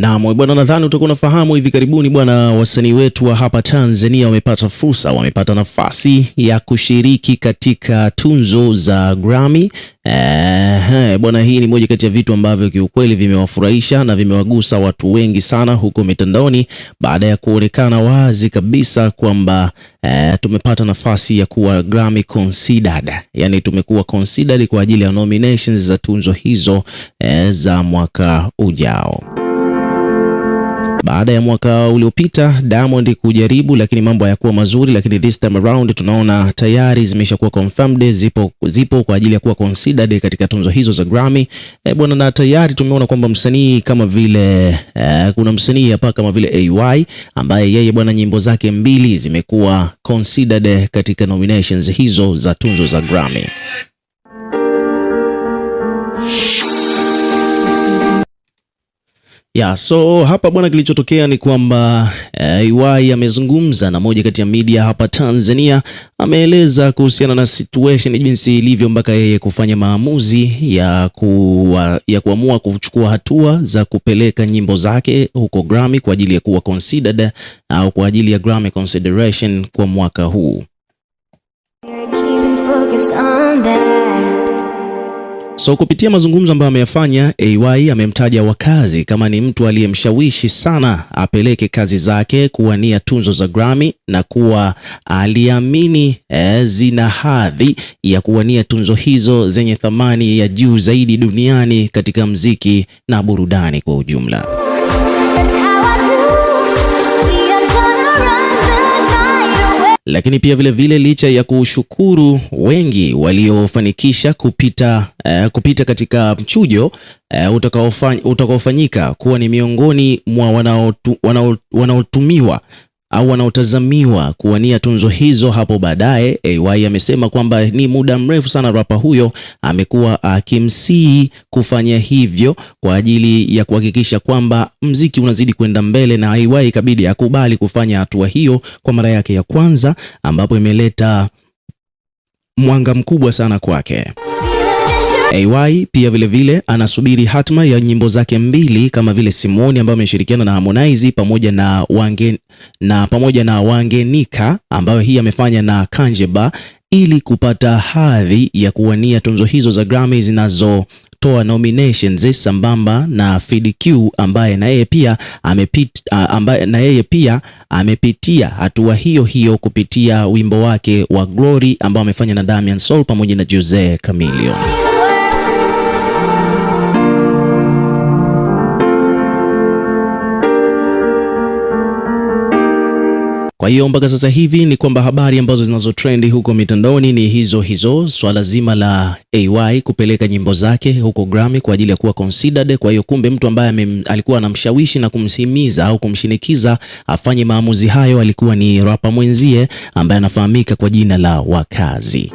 Naam bwana, nadhani utakuwa unafahamu hivi karibuni bwana, wasanii wetu wa hapa Tanzania wamepata fursa, wamepata nafasi ya kushiriki katika tunzo za Grammy. Eh, bwana, hii ni moja kati ya vitu ambavyo kiukweli vimewafurahisha na vimewagusa watu wengi sana huko mitandaoni baada ya kuonekana wazi kabisa kwamba eh, tumepata nafasi ya kuwa Grammy considered, yani tumekuwa considered kwa ajili ya nominations za tunzo hizo eh, za mwaka ujao baada ya mwaka uliopita Diamond kujaribu, lakini mambo hayakuwa mazuri, lakini this time around tunaona tayari zimeshakuwa confirmed, zipo, zipo kwa ajili ya kuwa considered katika tunzo hizo za Grammy e, bwana, na tayari tumeona kwamba msanii kama vile e, kuna msanii hapa kama vile AY ambaye yeye bwana, nyimbo zake mbili zimekuwa considered katika nominations hizo za tunzo za Grammy. Ya, so hapa bwana, kilichotokea ni kwamba EY eh, amezungumza na moja kati ya media hapa Tanzania, ameeleza kuhusiana na situation jinsi ilivyo mpaka yeye kufanya maamuzi ya, kuwa, ya kuamua kuchukua hatua za kupeleka nyimbo zake huko Grammy kwa ajili ya kuwa considered au kwa ajili ya Grammy consideration kwa mwaka huu. So kupitia mazungumzo ambayo ameyafanya, AY amemtaja Wakazi kama ni mtu aliyemshawishi sana apeleke kazi zake kuwania tunzo za Grammy na kuwa aliamini eh, zina hadhi ya kuwania tunzo hizo zenye thamani ya juu zaidi duniani katika mziki na burudani kwa ujumla. lakini pia vile vile licha ya kushukuru wengi waliofanikisha kupita, uh, kupita katika mchujo uh, utakaofanyika kuwa ni miongoni mwa wanaotumiwa au wanaotazamiwa kuwania tunzo hizo hapo baadaye. AY amesema kwamba ni muda mrefu sana rapa huyo amekuwa akimsihi kufanya hivyo kwa ajili ya kuhakikisha kwamba mziki unazidi kwenda mbele, na AY ikabidi akubali kufanya hatua hiyo kwa mara yake ya kwanza, ambapo imeleta mwanga mkubwa sana kwake. AY pia vilevile vile, anasubiri hatma ya nyimbo zake mbili kama vile Simoni ambayo ameshirikiana na Harmonize pamoja na wange, na pamoja na Wangenika ambayo hii amefanya na Kanjeba ili kupata hadhi ya kuwania tunzo hizo za Grammy zinazotoa nominations sambamba na Fid Q ambaye na yeye pia amepit, ambaye na yeye pia amepitia hatua hiyo hiyo kupitia wimbo wake wa Glory ambao amefanya na Damian Soul pamoja na Jose Camilio. Kwa hiyo mpaka sasa hivi ni kwamba habari ambazo zinazotrendi huko mitandaoni ni hizo hizo, swala zima la AY kupeleka nyimbo zake huko Grammy kwa ajili ya kuwa considered. Kwa hiyo kumbe mtu ambaye alikuwa anamshawishi na kumsimiza au kumshinikiza afanye maamuzi hayo alikuwa ni rapa mwenzie ambaye anafahamika kwa jina la Wakazi.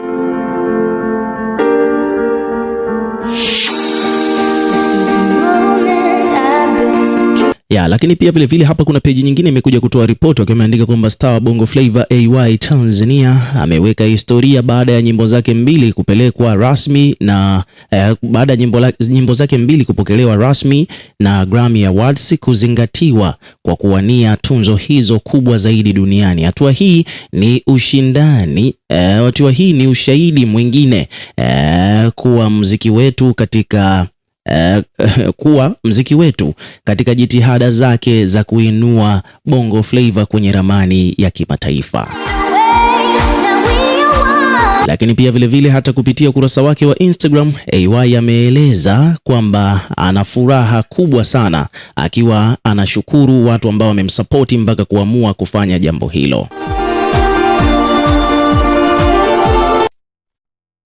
ya, lakini pia vilevile vile hapa kuna peji nyingine imekuja kutoa ripoti wakiwa ameandika kwamba star wa Bongo Flava AY Tanzania ameweka historia baada ya nyimbo zake mbili kupelekwa rasmi na eh, baada ya nyimbo, nyimbo zake mbili kupokelewa rasmi na Grammy Awards kuzingatiwa kwa kuwania tunzo hizo kubwa zaidi duniani. Hatua hii ni ushindani, eh, hatua eh, hii ni ushahidi mwingine eh, kuwa mziki wetu katika uh, kuwa mziki wetu katika jitihada zake za kuinua Bongo Flava kwenye ramani ya kimataifa lakini pia vilevile vile hata kupitia ukurasa wake wa Instagram AY ameeleza kwamba ana furaha kubwa sana akiwa anashukuru watu ambao wamemsapoti mpaka kuamua kufanya jambo hilo.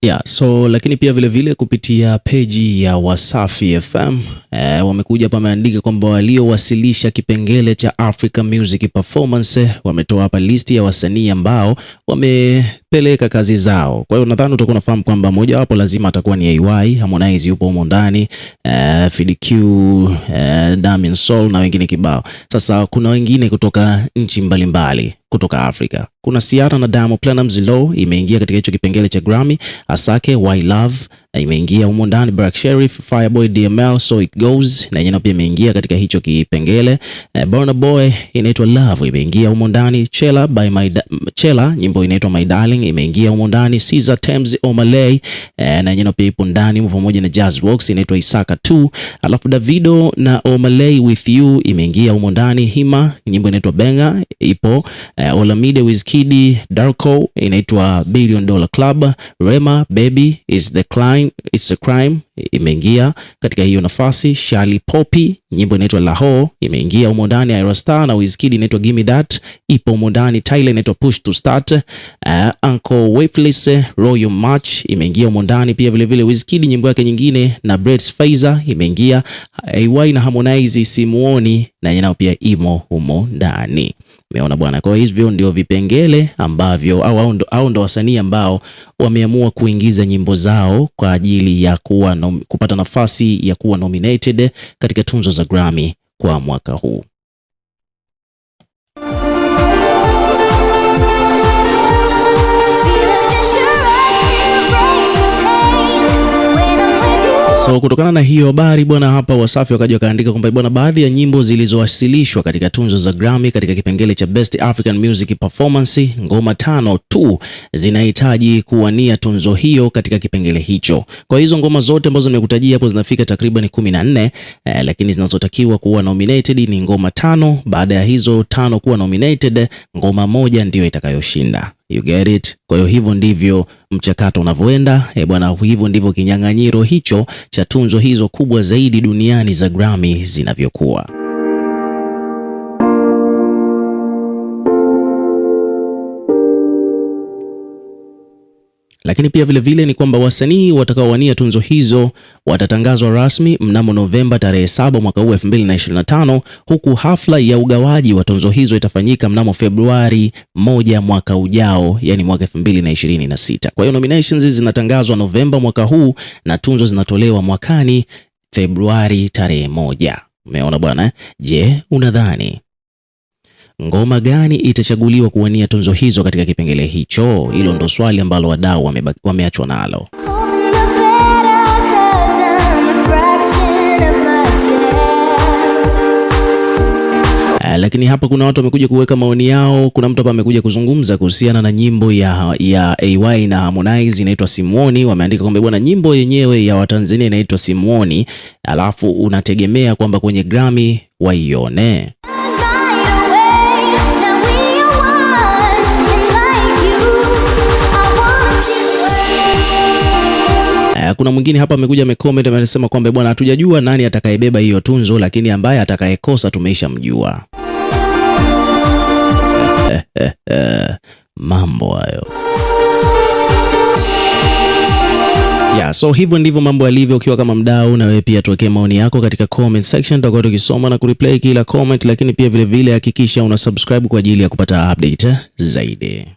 Yeah, so lakini pia vilevile vile kupitia peji ya Wasafi FM e, eh, wamekuja hapa wameandika kwamba waliowasilisha kipengele cha Africa Music Performance wametoa hapa listi ya wasanii ambao wamepeleka kazi zao. Kwa hiyo nadhani utakuwa unafahamu kwamba mojawapo lazima atakuwa ni AY, Harmonize yupo humo ndani e, eh, FidiQ e, eh, Diamond Soul na wengine kibao. Sasa kuna wengine kutoka nchi mbalimbali kutoka Afrika. Kuna Ciara na Diamond Platnumz, Low imeingia katika hicho kipengele cha Grammy, Asake, Why Love na imeingia humo ndani Black Sheriff, Fireboy, DML, So It Goes na yenyewe pia imeingia katika hicho kipengele. Eh, Burna Boy inaitwa Love imeingia humo ndani. Chela by my Chela, nyimbo inaitwa My Darling imeingia humo ndani. Caesar Tems Omalay eh, na yenyewe pia ipo ndani humo pamoja na Jazz Works inaitwa Isaka 2, alafu Davido na Omalay with you imeingia humo ndani. Hima nyimbo inaitwa Benga ipo. Eh, Olamide Wizkid, Darko inaitwa Billion Dollar Club, Rema Baby is the climb it's a crime imeingia katika hiyo nafasi. Shali Popi, nyimbo inaitwa Laho, imeingia humo ndani. Star na Wizkid inaitwa Gimme That ipo humo ndani. Tyler inaitwa Push to Start. Uh, Uncle Wafeless Royal March imeingia humo ndani pia vile vile. Wizkid nyimbo yake nyingine na Brett Faiza imeingia. AY na Harmonize simuoni na yenyewe pia imo humo ndani. Umeona bwana, kwa hivyo ndio vipengele ambavyo au au ndo wasanii ambao wameamua kuingiza nyimbo zao kwa ajili ya kuwa no kupata nafasi ya kuwa nominated katika tunzo za Grammy kwa mwaka huu. kutokana na hiyo habari bwana, hapa Wasafi wakaja wakaandika kwamba bwana, baadhi ya nyimbo zilizowasilishwa katika tunzo za Grammy katika kipengele cha Best African Music Performance, ngoma tano tu zinahitaji kuwania tunzo hiyo katika kipengele hicho. Kwa hizo ngoma zote ambazo nimekutajia hapo zinafika takriban kumi na nne eh, lakini zinazotakiwa kuwa nominated ni ngoma tano. Baada ya hizo tano kuwa nominated, ngoma moja ndiyo itakayoshinda. You get it? Kwa hiyo hivyo ndivyo mchakato unavyoenda e bwana, hivyo ndivyo kinyang'anyiro hicho cha tunzo hizo kubwa zaidi duniani za Grammy zinavyokuwa. Lakini pia vilevile vile ni kwamba wasanii watakaowania tunzo hizo watatangazwa rasmi mnamo Novemba tarehe 7 mwaka huu 2025, huku hafla ya ugawaji wa tunzo hizo itafanyika mnamo Februari moja mwaka ujao, yani mwaka 2026. Kwa hiyo nominations zinatangazwa Novemba mwaka huu na tunzo zinatolewa mwakani Februari tarehe moja. Umeona bwana? Eh? Je, unadhani ngoma gani itachaguliwa kuwania tunzo hizo katika kipengele hicho? Hilo ndo swali ambalo wadau wameachwa nalo. Eh, lakini hapa kuna watu wamekuja kuweka maoni yao. Kuna mtu hapa amekuja kuzungumza kuhusiana na nyimbo ya, ya AY na Harmonize inaitwa Simuoni. Wameandika kwamba bwana, nyimbo yenyewe ya Watanzania inaitwa Simuoni, alafu unategemea kwamba kwenye Grammy waione kuna mwingine hapa amekuja amecomment amesema kwamba bwana, hatujajua nani atakayebeba hiyo tunzo, lakini ambaye atakayekosa mjua Mambo hayo. Yeah, so hivyo ndivyo mambo yalivyo. Ukiwa kama mdau, na wewe pia tuwekee maoni yako katika comment section, tutakuwa tukisoma na kureplay kila comment, lakini pia vilevile hakikisha vile una subscribe kwa ajili ya kupata update zaidi.